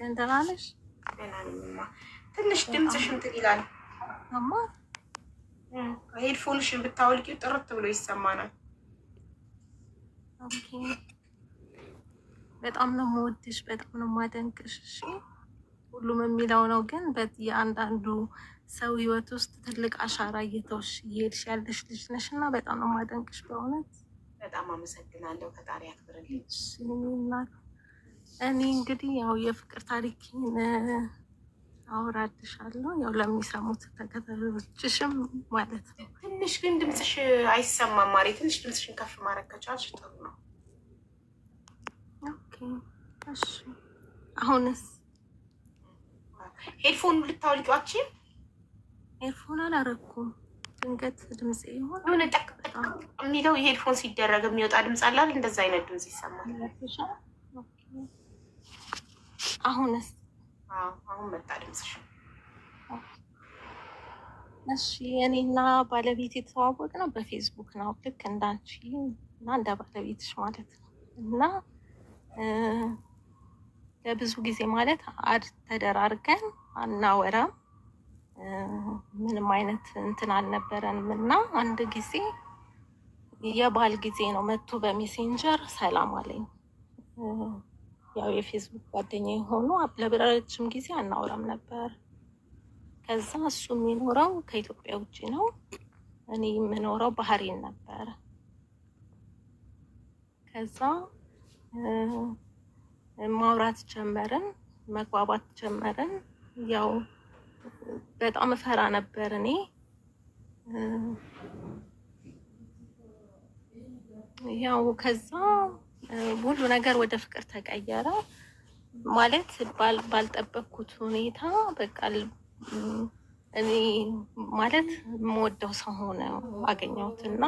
ደህና ነሽ? ደህና ነኝ። ትንሽ ድምፅሽ እንትን ይላል እማ። ሄድፎንሽን ብታወልቂው ጥርት ብሎ ይሰማናል። በጣም ነው የምወድሽ፣ በጣም ነው የማደንቅሽ። እሺ ሁሉም የሚለው ነው ግን የአንዳንዱ ሰው ህይወት ውስጥ ትልቅ አሻራ እየተውሽ እየሄድሽ ያለሽ ልጅ ነሽ እና በጣም ነው የማደንቅሽ በእውነት። በጣም አመሰግናለሁ። ፈጣሪ ያክብርልኝ እናት እኔ እንግዲህ ያው የፍቅር ታሪኬን አወራድሻለሁ ያው ለሚሰሙት ተከታዮችሽም ማለት ነው። ትንሽ ግን ድምፅሽ አይሰማም ማሬ። ትንሽ ድምፅሽን ከፍ ማድረግ ከቻልሽ ጥሩ ነው። ኦኬ እሺ። አሁንስ ሄድፎኑ ልታወልቂዋችን? ሄድፎን አላረኩም። ድንገት ድምፅ ይሆን የሆነ ጠቅ የሚለው የሄድፎን ሲደረግ የሚወጣ ድምፅ አላል። እንደዛ አይነት ድምፅ ይሰማል። አሁንስ? አሁን መጣ ድምፅሽ። እሺ እኔና ባለቤት የተዋወቅ ነው በፌስቡክ ነው፣ ልክ እንዳንቺ እና እንደ ባለቤትሽ ማለት ነው። እና ለብዙ ጊዜ ማለት አድ ተደራርገን አናወራም፣ ምንም አይነት እንትን አልነበረንም። እና አንድ ጊዜ የባል ጊዜ ነው መጥቶ በሜሴንጀር ሰላም አለኝ። ያው የፌስቡክ ጓደኛ የሆኑ ለረጅም ጊዜ አናወራም ነበር። ከዛ እሱ የሚኖረው ከኢትዮጵያ ውጭ ነው፣ እኔ የምኖረው ባህሬን ነበር። ከዛ ማውራት ጀመርን፣ መግባባት ጀመርን። ያው በጣም እፈራ ነበር እኔ ያው ከዛ ሁሉ ነገር ወደ ፍቅር ተቀየረ ማለት ባልጠበቅኩት ሁኔታ በቃ እኔ ማለት የምወደው ሰው ሆነ አገኘሁት እና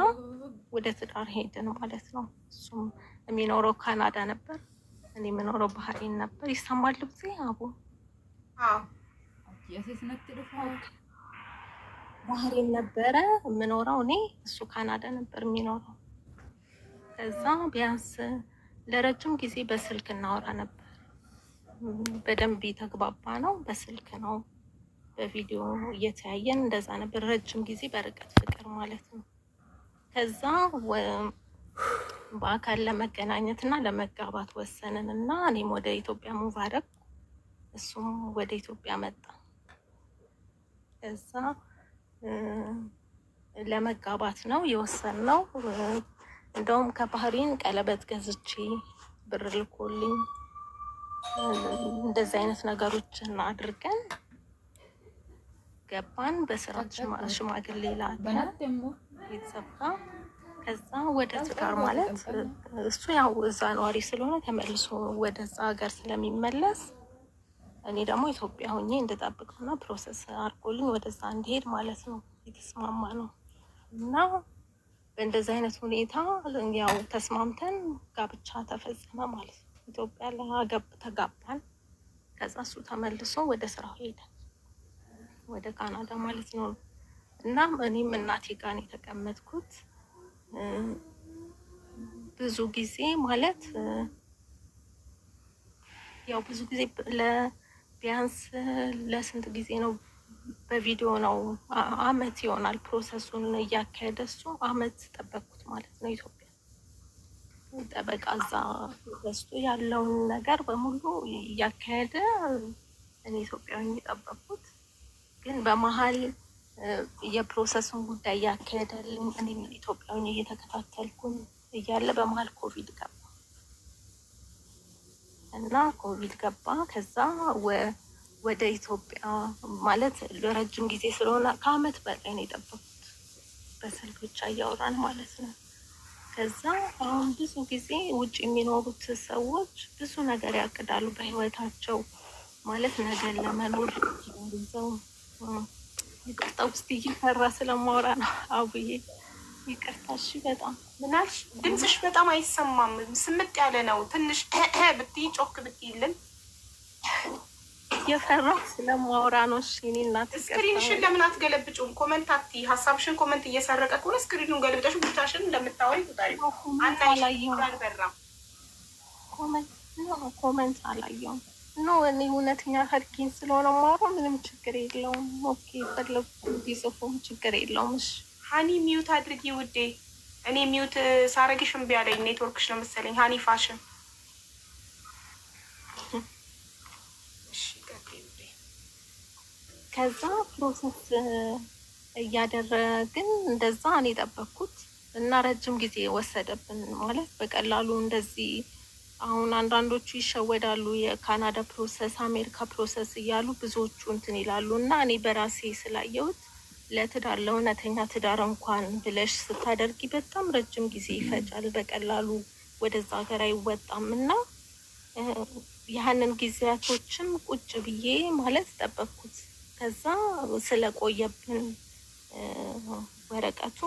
ወደ ትዳር ሄድን ማለት ነው። እሱም የሚኖረው ካናዳ ነበር፣ እኔ የምኖረው ባህሬን ነበር። ይሰማሉ ጊዜ አቡ ባህሬን ነበረ የምኖረው እኔ፣ እሱ ካናዳ ነበር የሚኖረው። ከዛ ቢያንስ ለረጅም ጊዜ በስልክ እናወራ ነበር። በደንብ የተግባባ ነው በስልክ ነው። በቪዲዮ እየተያየን እንደዛ ነበር ረጅም ጊዜ በርቀት ፍቅር ማለት ነው። ከዛ በአካል ለመገናኘት እና ለመጋባት ወሰንን እና እኔም ወደ ኢትዮጵያ ሙቭ እሱም ወደ ኢትዮጵያ መጣ። ከዛ ለመጋባት ነው የወሰን ነው እንደውም ከባህሪን ቀለበት ገዝቼ ብር ልኮልኝ እንደዚህ አይነት ነገሮችን አድርገን ገባን። በስርዓት ሽማግሌ ላከ ቤተሰብ ከዛ ወደ ትዳር ማለት እሱ ያው እዛ ነዋሪ ስለሆነ ተመልሶ ወደ ሀገር ስለሚመለስ እኔ ደግሞ ኢትዮጵያ ሆኜ እንደጠብቀውና ፕሮሰስ አድርጎልኝ ወደዛ እንዲሄድ ማለት ነው የተስማማ ነው እና በእንደዚህ አይነት ሁኔታ ያው ተስማምተን ጋብቻ ተፈጸመ ማለት ነው። ኢትዮጵያ ለሀገብ ተጋባን። ከዛ እሱ ተመልሶ ወደ ስራው ሄደ፣ ወደ ካናዳ ማለት ነው። እናም እኔም እናቴ ጋር ነው የተቀመጥኩት። ብዙ ጊዜ ማለት ያው ብዙ ጊዜ ለቢያንስ ለስንት ጊዜ ነው በቪዲዮ ነው። አመት ይሆናል ፕሮሰሱን እያካሄደ እሱ አመት ጠበቅኩት ማለት ነው። ኢትዮጵያ ጠበቃ እዛ ገዝቶ ያለውን ነገር በሙሉ እያካሄደ እኔ ኢትዮጵያ የጠበቅኩት ግን በመሀል የፕሮሰሱን ጉዳይ እያካሄደልኝ እኔም ኢትዮጵያዊ እየተከታተልኩን እያለ በመሀል ኮቪድ ገባ እና ኮቪድ ገባ ከዛ ወደ ኢትዮጵያ ማለት ለረጅም ጊዜ ስለሆነ ከአመት በላይ ነው የጠበቁት በስልክ ብቻ እያወራን ማለት ነው። ከዛ አሁን ብዙ ጊዜ ውጭ የሚኖሩት ሰዎች ብዙ ነገር ያቅዳሉ በህይወታቸው ማለት ነገር ለመኖር ይዘው ይቅርታ ውስጥ እየፈራ ስለማውራ ነው አቡዬ ይቅርታ። እሺ በጣም ምናልሽ ድምፅሽ በጣም አይሰማም፣ ስምጥ ያለ ነው። ትንሽ ብትይ ጮክ ብትይልን የፈራሁ ስለማውራ ነው። እሺ እኔ እናት ስክሪንሽን ለምን አትገለብጩም? ኮመንት አትይ። ሀሳብሽን ኮመንት እየሰረቀ ከሆነ ስክሪኑን ገለብጠሽ ብቻሽን እንደምታወሪ ቁጠሪ። ኮመንት አላየውም። ኖ እኔ እውነተኛ ሀርኪን ስለሆነ ማሮ ምንም ችግር የለውም። ኦኬ ፈለጉ ቢጽፉም ችግር የለውም። እሺ ሀኒ ሚዩት አድርጊ ውዴ። እኔ ሚዩት ሳረግሽ እምቢ አለኝ። ኔትወርክሽ ነው መሰለኝ ሀኒ ፋሽን ከዛ ፕሮሰስ እያደረግን እንደዛ እኔ የጠበኩት እና ረጅም ጊዜ ወሰደብን። ማለት በቀላሉ እንደዚህ አሁን አንዳንዶቹ ይሸወዳሉ። የካናዳ ፕሮሰስ፣ አሜሪካ ፕሮሰስ እያሉ ብዙዎቹ እንትን ይላሉ። እና እኔ በራሴ ስላየሁት ለትዳር ለእውነተኛ ትዳር እንኳን ብለሽ ስታደርጊ በጣም ረጅም ጊዜ ይፈጃል። በቀላሉ ወደዛ ሀገር አይወጣም እና ያህንን ጊዜያቶችም ቁጭ ብዬ ማለት ጠበኩት። ከዛ ስለቆየብን ወረቀቱ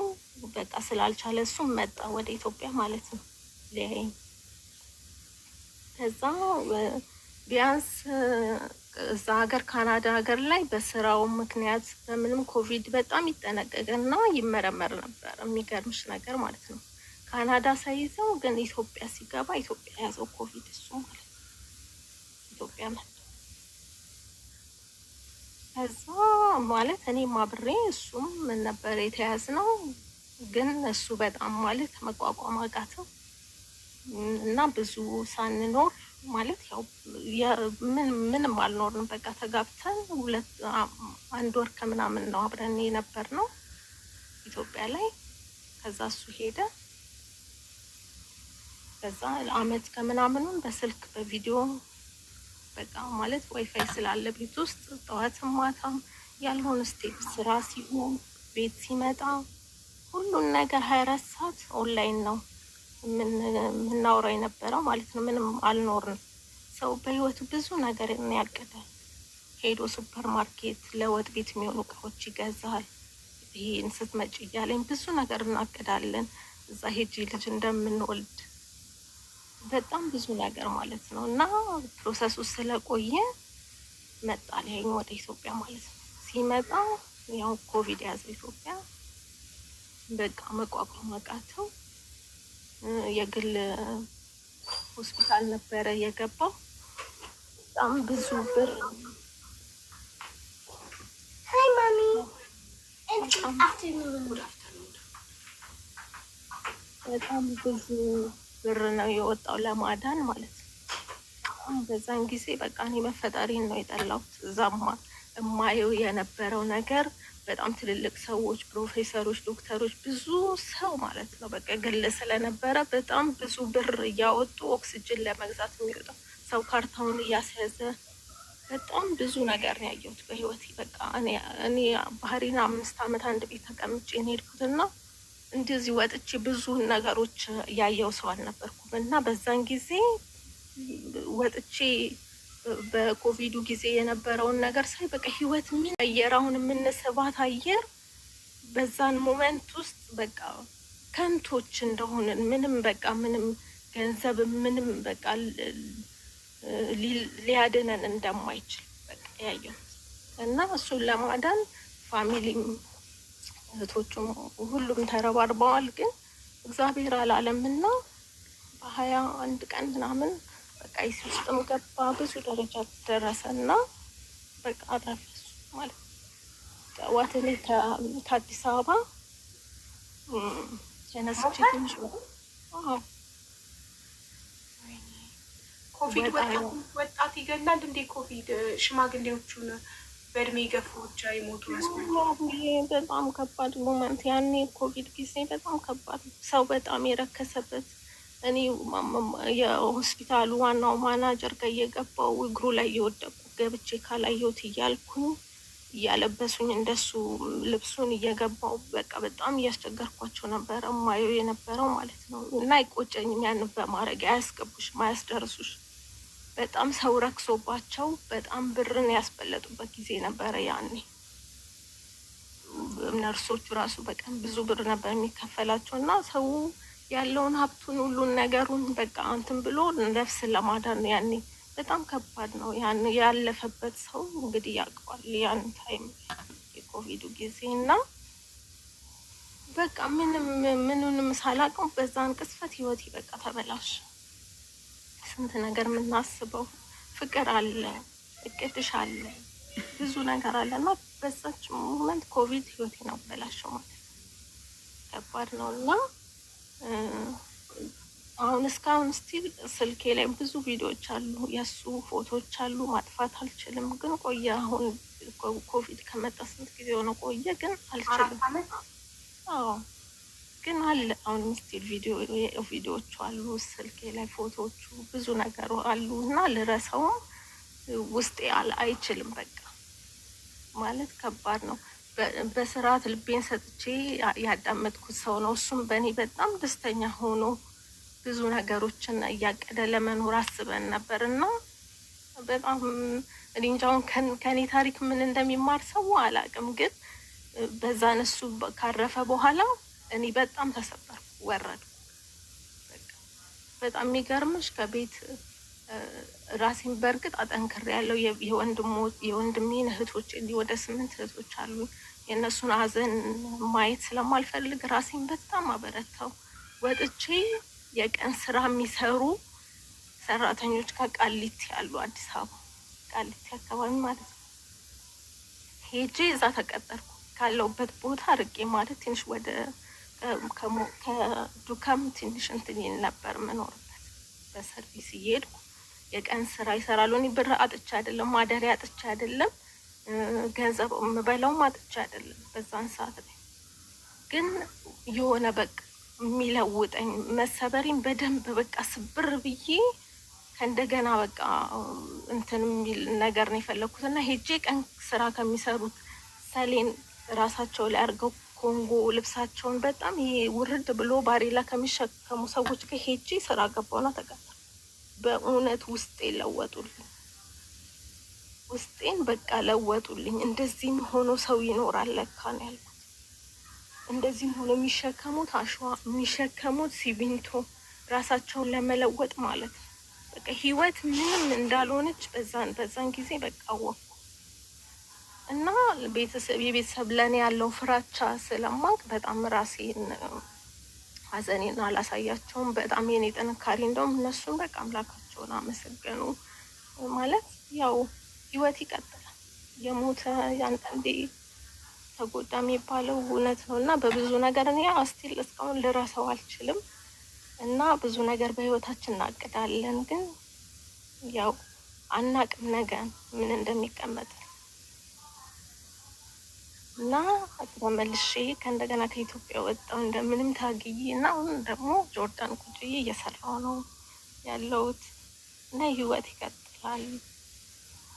በቃ ስላልቻለ እሱም መጣ ወደ ኢትዮጵያ ማለት ነው ሊያይ። ከዛ ቢያንስ እዛ ሀገር ካናዳ ሀገር ላይ በስራው ምክንያት በምንም ኮቪድ በጣም ይጠነቀቅና ይመረመር ነበር። የሚገርምሽ ነገር ማለት ነው ካናዳ ሳይዘው ግን ኢትዮጵያ ሲገባ ኢትዮጵያ ያዘው ኮቪድ እሱ ማለት ነው ኢትዮጵያ ከዛ ማለት እኔም አብሬ እሱም ምን ነበር ነው። ግን እሱ በጣም ማለት መቋቋም አቃተው እና ብዙ ሳንኖር ማለት ያው ምንም አልኖርንም በቃ ተጋብተን ሁለት አንድ ወር ከምናምን ነው አብረን የነበር ነው ኢትዮጵያ ላይ። ከዛ እሱ ሄደ። ከዛ አመት ከምናምኑን በስልክ በቪዲዮ በጣም ማለት ዋይፋይ ስላለ ቤት ውስጥ ጠዋትም ማታም ያልሆነ ስቴፕ ስራ ሲሆን ቤት ሲመጣ ሁሉን ነገር ሀያ አራት ሰዓት ኦንላይን ነው የምናወራው የነበረው ማለት ነው። ምንም አልኖርን ሰው በህይወቱ ብዙ ነገር ያቅዳል። ሄዶ ሱፐር ማርኬት ለወጥ ቤት የሚሆኑ እቃዎች ይገዛል። ይህን ስትመጪ እያለኝ ብዙ ነገር እናቅዳለን። እዛ ሄጂ ልጅ እንደምንወልድ በጣም ብዙ ነገር ማለት ነው እና ፕሮሰሱ ስለቆየ መጣ ሊያኝ ወደ ኢትዮጵያ ማለት ነው። ሲመጣ ያው ኮቪድ የያዘ ኢትዮጵያ በቃ መቋቋም አቃተው። የግል ሆስፒታል ነበረ የገባው። በጣም ብዙ ብር ሀይ ማሚ በጣም ብዙ ብር ነው የወጣው ለማዳን ማለት ነው። በዛን ጊዜ በቃ እኔ መፈጠሪን ነው የጠላሁት። እዛማ እማየው የነበረው ነገር በጣም ትልልቅ ሰዎች፣ ፕሮፌሰሮች፣ ዶክተሮች፣ ብዙ ሰው ማለት ነው በቃ ግል ስለነበረ በጣም ብዙ ብር እያወጡ ኦክስጅን ለመግዛት የሚወጣው ሰው ካርታውን እያስያዘ በጣም ብዙ ነገር ነው ያየሁት በህይወት በቃ እኔ ባህሪን አምስት ዓመት አንድ ቤት ተቀምጬ ነው እንደዚህ ወጥቼ ብዙ ነገሮች ያየው ሰው አልነበርኩም እና በዛን ጊዜ ወጥቼ በኮቪዱ ጊዜ የነበረውን ነገር ሳይ በቃ ህይወት ምን አየር አሁን የምንስባት አየር በዛን ሞመንት ውስጥ በቃ ከንቶች እንደሆንን ምንም በቃ ምንም ገንዘብ ምንም በቃ ሊያድነን እንደማይችል በቃ ያየው እና እሱን ለማዳን ፋሚሊም እህቶቹም ሁሉም ተረባርበዋል። ግን እግዚአብሔር አላለምና በሀያ አንድ ቀን ምናምን በቃ ይስ ውስጥም ገባ ብዙ ደረጃ ደረሰ እና በቃ አረፈሱ ማለት ጠዋት እኔ ከአዲስ አበባ ተነስቼ ትንሽ ኮቪድ ወጣት ይገላል እንዴ? ኮቪድ ሽማግሌዎቹን በእድሜ የገፉ ብቻ የሞቱ በጣም ከባድ ሞመንት። ያኔ ኮቪድ ጊዜ በጣም ከባድ ሰው በጣም የረከሰበት እኔ የሆስፒታሉ ዋናው ማናጀር ጋር እየገባው እግሩ ላይ እየወደቁ ገብቼ ካላየሁት እያልኩኝ እያለበሱኝ እንደሱ ልብሱን እየገባው በቃ በጣም እያስቸገርኳቸው ነበረ። ማየው የነበረው ማለት ነው። እና አይቆጨኝም በማድረግ አያስደርሱሽ በጣም ሰው ረክሶባቸው በጣም ብርን ያስበለጡበት ጊዜ ነበረ። ያኔ ነርሶቹ ራሱ በቀን ብዙ ብር ነበር የሚከፈላቸው እና ሰው ያለውን ሀብቱን ሁሉን ነገሩን በቃ እንትን ብሎ ነፍስን ለማዳን ያኔ በጣም ከባድ ነው። ያን ያለፈበት ሰው እንግዲህ ያውቀዋል። ያን ታይም የኮቪዱ ጊዜ እና በቃ ምንም ምንንም ሳላውቀው በዛን ቅስፈት ህይወት በቃ ተበላሽ። ስንት ነገር የምናስበው ፍቅር አለ፣ እቅድሽ አለ፣ ብዙ ነገር አለ እና በዛች ሞመንት ኮቪድ ህይወቴን አበላሸው ማለት ነው። ከባድ ነው እና አሁን እስካሁን ስቲል ስልኬ ላይ ብዙ ቪዲዮዎች አሉ፣ የእሱ ፎቶዎች አሉ። ማጥፋት አልችልም፣ ግን ቆየ። አሁን ኮቪድ ከመጣ ስንት ጊዜ ሆነ? ቆየ ግን አልችልም። አዎ ግን አለ አሁን ስቲል ቪዲዮዎቹ አሉ፣ ስልኬ ላይ ፎቶዎቹ ብዙ ነገሩ አሉ እና ልረሰውም ውስጤ አይችልም። በቃ ማለት ከባድ ነው። በስርዓት ልቤን ሰጥቼ ያዳመጥኩት ሰው ነው። እሱም በእኔ በጣም ደስተኛ ሆኖ ብዙ ነገሮችን እያቀደ ለመኖር አስበን ነበር እና በጣም እኔ እንጃውን ከኔ ታሪክ ምን እንደሚማር ሰው አላውቅም። ግን በዛን እሱ ካረፈ በኋላ እኔ በጣም ተሰበር ወረድ። በጣም የሚገርምሽ ከቤት ራሴን በእርግጥ አጠንክር ያለው የወንድሜን እህቶች እንዲህ ወደ ስምንት እህቶች አሉ። የእነሱን ሀዘን ማየት ስለማልፈልግ ራሴን በጣም አበረታው። ወጥቼ የቀን ስራ የሚሰሩ ሰራተኞች ጋር ቃሊቲ ያሉ አዲስ አበባ ቃሊቲ አካባቢ ማለት ነው ሄጄ እዛ ተቀጠርኩ ካለውበት ቦታ ርቄ ማለት ትንሽ ወደ ከዱካም ትንሽ እንትን ይል ነበር ምኖርበት በሰርቪስ እየሄድኩ የቀን ስራ ይሰራሉ። እኔ ብር አጥቻ አይደለም ማደሪያ አጥቻ አይደለም ገንዘብ የምበላውም አጥቻ አይደለም። በዛን ሰዓት ላይ ግን የሆነ በቃ የሚለውጠኝ መሰበሪን በደንብ በቃ ስብር ብዬ ከእንደገና በቃ እንትን የሚል ነገር ነው የፈለግኩት እና ሄጄ ቀን ስራ ከሚሰሩት ሰሌን ራሳቸው ላይ አድርገው ኮንጎ ልብሳቸውን በጣም ይሄ ውርድ ብሎ ባሬላ ከሚሸከሙ ሰዎች ጋር ሄጄ ስራ ገባውና ተቀጠ በእውነት ውስጤ ለወጡልኝ። ውስጤን በቃ ለወጡልኝ። እንደዚህም ሆኖ ሰው ይኖራል ለካ ነው ያልኩት። እንደዚህም ሆኖ የሚሸከሙት አሸዋ የሚሸከሙት ሲሚንቶ ራሳቸውን ለመለወጥ ማለት ነው። በቃ ህይወት ምንም እንዳልሆነች በዛን በዛን ጊዜ በቃ እና የቤተሰብ ለእኔ ያለው ፍራቻ ስለማቅ በጣም ራሴን ሀዘኔን አላሳያቸውም። በጣም የኔ ጥንካሬ እንደውም እነሱን በቃ አምላካቸውን አመሰገኑ ማለት ያው ህይወት ይቀጥላል። የሞተ አንዳንዴ ተጎዳ የሚባለው እውነት ነው እና በብዙ ነገር እኔ አስቲል እስካሁን ልረሰው አልችልም እና ብዙ ነገር በህይወታችን እናቅዳለን፣ ግን ያው አናቅም ነገ ምን እንደሚቀመጥ እና ተመልሼ ከእንደገና ከኢትዮጵያ ወጣው እንደምንም ታግዬ እና አሁን ደግሞ ጆርዳን ቁጭዬ እየሰራው ነው ያለውት እና ህይወት ይቀጥላል።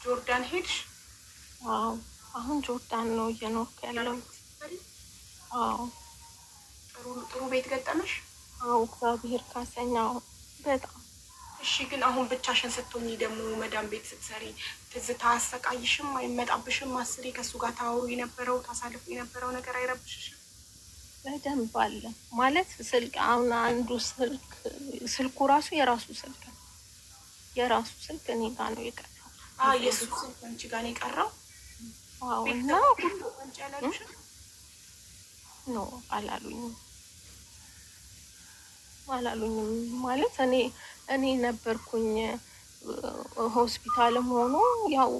ጆርዳን ሄድሽ? አዎ፣ አሁን ጆርዳን ነው እየኖርኩ ያለውት አዎ። ጥሩ ቤት ገጠመሽ? አዎ፣ እግዚአብሔር ካሰኛው በጣም እሺ ግን አሁን ብቻሽን ስትሆኚ ደግሞ መዳም ቤት ስትሰሪ ትዝታ አሰቃይሽም አይመጣብሽም? አስሬ ከእሱ ጋር ታወሩ የነበረው ታሳልፉ የነበረው ነገር አይረብሽሽም? በደንብ አለ ማለት ስልክ አሁን አንዱ ስልክ ስልኩ ራሱ የራሱ ስልክ ነው። የራሱ ስልክ እኔ ጋ ነው የቀረው። የሱ ስልክ አንቺ ጋ ነው የቀረው? እና ኖ አላሉኝም አላሉኝም ማለት እኔ እኔ ነበርኩኝ ሆስፒታልም ሆኖ ያው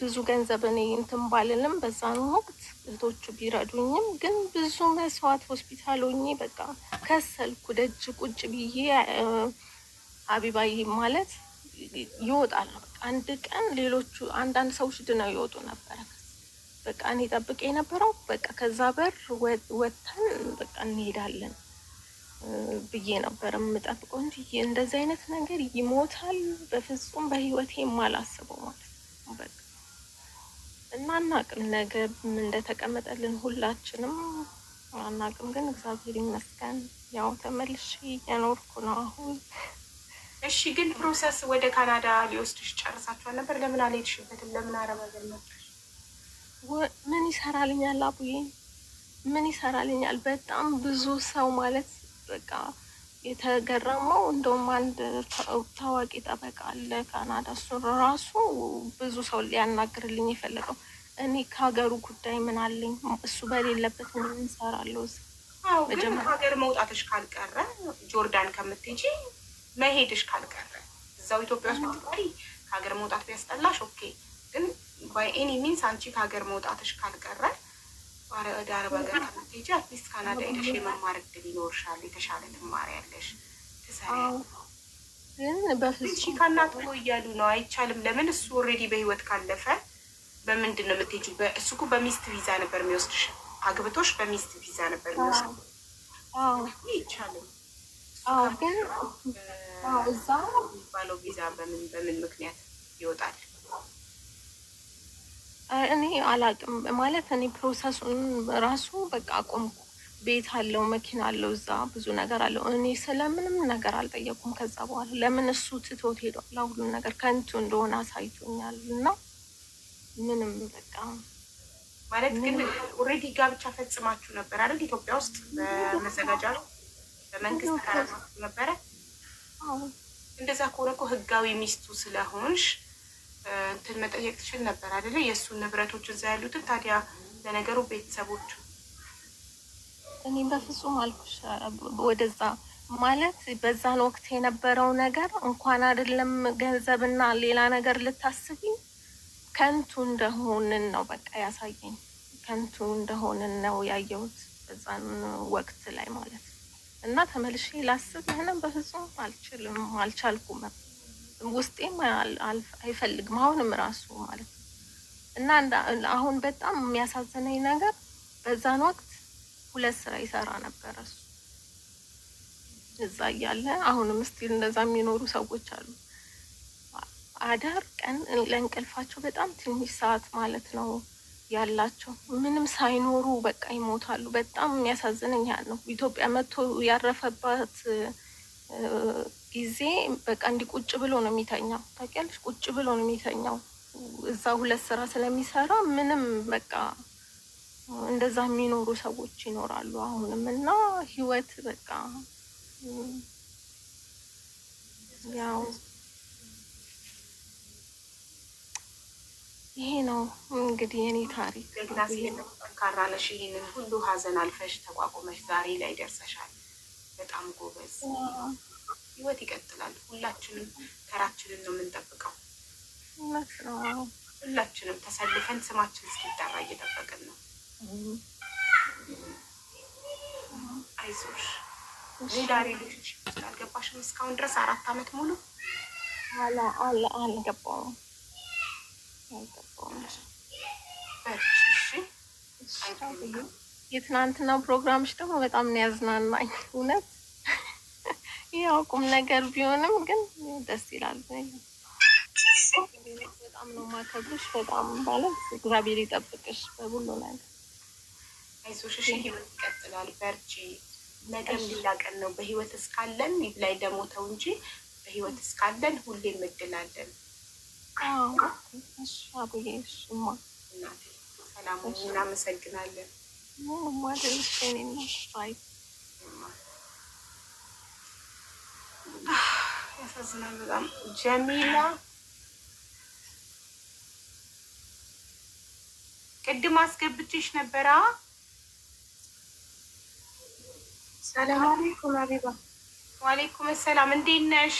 ብዙ ገንዘብ እኔ እንትን ባልልም በዛን ወቅት እህቶቹ ቢረዱኝም ግን ብዙ መስዋዕት ሆስፒታል ሆኜ በቃ ከሰልኩ ደጅ ቁጭ ብዬ አቢባዬ ማለት ይወጣል። አንድ ቀን ሌሎቹ አንዳንድ ሰዎች ድነው ይወጡ ነበረ። በቃ እኔ ጠብቄ የነበረው በቃ ከዛ በር ወጥተን በቃ እንሄዳለን ብዬ ነበር የምጠብቀው እንጂ እንደዚህ አይነት ነገር ይሞታል በፍጹም በህይወቴ የማላስበው ማለት ነው። እና አናቅም፣ ነገ እንደተቀመጠልን ሁላችንም አናቅም። ግን እግዚአብሔር ይመስገን ያው ተመልሼ እየኖርኩ ነው አሁን። እሺ፣ ግን ፕሮሰስ ወደ ካናዳ ሊወስድሽ ጨርሳችኋል ነበር። ለምን አልሄድሽበትም? ለምን አረብ ሀገር ምን ይሰራልኛል አቡዬ፣ ምን ይሰራልኛል? በጣም ብዙ ሰው ማለት በቃ የተገረመው እንደውም አንድ ታዋቂ ጠበቃ አለ ካናዳ፣ እሱን ራሱ ብዙ ሰው ሊያናግርልኝ የፈለገው እኔ ከሀገሩ ጉዳይ ምን አለኝ እሱ በሌለበት ምን እንሰራለሁ። ግን ከሀገር መውጣትሽ ካልቀረ ጆርዳን ከምትሄጂ መሄድሽ ካልቀረ እዛው ኢትዮጵያ ውስጥ ብትቀሪ ከሀገር መውጣት ቢያስጠላሽ ኦኬ። ግን ባይ ኤኒ ሚንስ አንቺ ከሀገር መውጣትሽ ካልቀረ ወደ አረብ ሀገር ሄጂ አትሊስት ካናዳ ሄደሽ የመማር እድል ይኖርሻል። የተሻለ ትማሪያለሽ፣ ትሰሪያለሽ። ከእናት እኮ እያሉ ነው አይቻልም። ለምን እሱ ኦልሬዲ በህይወት ካለፈ በምንድን ነው የምትሄጂው? እሱ እኮ በሚስት ቪዛ ነበር የሚወስድሽ። አግብቶሽ በሚስት ቪዛ ነበር የሚወስድ። አይቻልም ግን እዛ የሚባለው ቪዛ በምን በምን ምክንያት ይወጣል? እኔ አላቅም ማለት እኔ ፕሮሰሱን ራሱ በቃ አቆምኩ። ቤት አለው፣ መኪና አለው፣ እዛ ብዙ ነገር አለው። እኔ ስለምንም ነገር አልጠየቁም። ከዛ በኋላ ለምን እሱ ትቶት ሄዷል። ሁሉን ነገር ከንቱ እንደሆነ አሳይቶኛል። እና ምንም በቃ ማለት ግን ኦልሬዲ ጋብቻ ፈጽማችሁ ነበር አይደል? ኢትዮጵያ ውስጥ በመዘጋጃ በመንግስት ተቀራርባችሁ ነበረ። እንደዛ ከሆነ እኮ ህጋዊ ሚስቱ ስለሆንሽ እንትን መጠየቅ ትችል ነበር አደለ? የእሱን ንብረቶች እዛ ያሉትን። ታዲያ ለነገሩ ቤተሰቦቹ እኔ በፍጹም አልኩሽ ወደዛ ማለት በዛን ወቅት የነበረው ነገር እንኳን አይደለም ገንዘብና ሌላ ነገር ልታስቢ ከንቱ እንደሆንን ነው በቃ ያሳየኝ። ከንቱ እንደሆንን ነው ያየሁት በዛን ወቅት ላይ ማለት እና ተመልሼ ላስብ ምንም በፍጹም አልችልም አልቻልኩም። ውስጤም አይፈልግም አሁንም ራሱ ማለት ነው። እና አሁን በጣም የሚያሳዝነኝ ነገር በዛን ወቅት ሁለት ስራ ይሰራ ነበረ እሱ እዛ እያለ አሁንም ስቲል እንደዛ የሚኖሩ ሰዎች አሉ። አዳር ቀን ለእንቅልፋቸው በጣም ትንሽ ሰዓት ማለት ነው ያላቸው ምንም ሳይኖሩ በቃ ይሞታሉ። በጣም የሚያሳዝነኝ ያ ነው። ኢትዮጵያ መጥቶ ያረፈባት ጊዜ በቃ እንዲህ ቁጭ ብሎ ነው የሚተኛው። ታውቂያለሽ፣ ቁጭ ብሎ ነው የሚተኛው። እዛ ሁለት ስራ ስለሚሰራ ምንም በቃ እንደዛ የሚኖሩ ሰዎች ይኖራሉ አሁንም። እና ህይወት በቃ ያው ይሄ ነው እንግዲህ የኔ ታሪክ። ጠንካራ ነሽ። ይህንን ሁሉ ሀዘን አልፈሽ ተቋቁመሽ ዛሬ ላይ ደርሰሻል። በጣም ጎበዝ ህይወት ይቀጥላል። ሁላችንም ተራችንን ነው የምንጠብቀው። ሁላችንም ተሰልፈን ስማችን እስኪጠራ እየጠበቅን ነው። አይዞሽ። ሌላ ሌሎች አልገባሽም? እስካሁን ድረስ አራት አመት ሙሉ አልገባሁም። የትናንትናው ፕሮግራምሽ ደግሞ በጣም ነው ያዝናናኝ እውነት ያው ቁም ነገር ቢሆንም ግን ደስ ይላል። በጣም ነው ማከብሽ። በጣም ማለት እግዚአብሔር ይጠብቅሽ በሁሉ ነገር። አይዞሽ እሺ። ህይወት ይቀጥላል። በርቺ። ነገም ሌላ ቀን ነው። በህይወት እስካለን ላይ ለሞተው እንጂ በህይወት እስካለን ሁሌም እድል ሰላሙ እናመሰግናለን። ያሳዝናል በጣም ጀሚላ። ቅድም አስገብቼሽ ነበረ። ሰላም አለይኩም አቢባ። ዋሌይኩም ሰላም። እንዴት ነሽ?